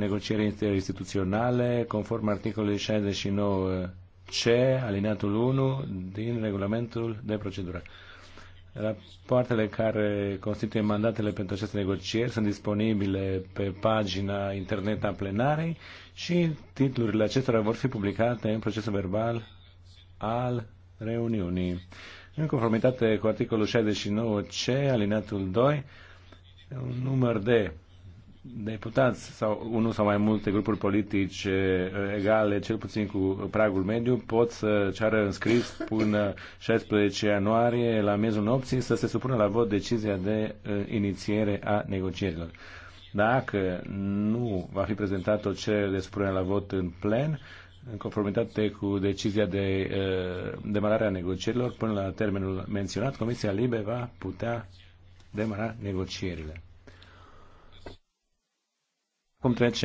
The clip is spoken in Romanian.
negocieri interinstituționale, conform articolului 69C, alineatul 1, din regulamentul de procedură. Rapoartele care constituie mandatele pentru aceste negocieri sunt disponibile pe pagina internet a plenarei și titlurile acestora vor fi publicate în procesul verbal al reuniunii. În conformitate cu articolul 69C, alineatul 2, un număr de deputați sau unul sau mai multe grupuri politice uh, egale, cel puțin cu pragul mediu, pot să ceară înscris până 16 ianuarie la miezul nopții să se supună la vot decizia de uh, inițiere a negocierilor. Dacă nu va fi prezentat o cerere de supunere la vot în plen, în conformitate cu decizia de uh, demarare a negocierilor, până la termenul menționat, Comisia Libe va putea demara negocierile cum trece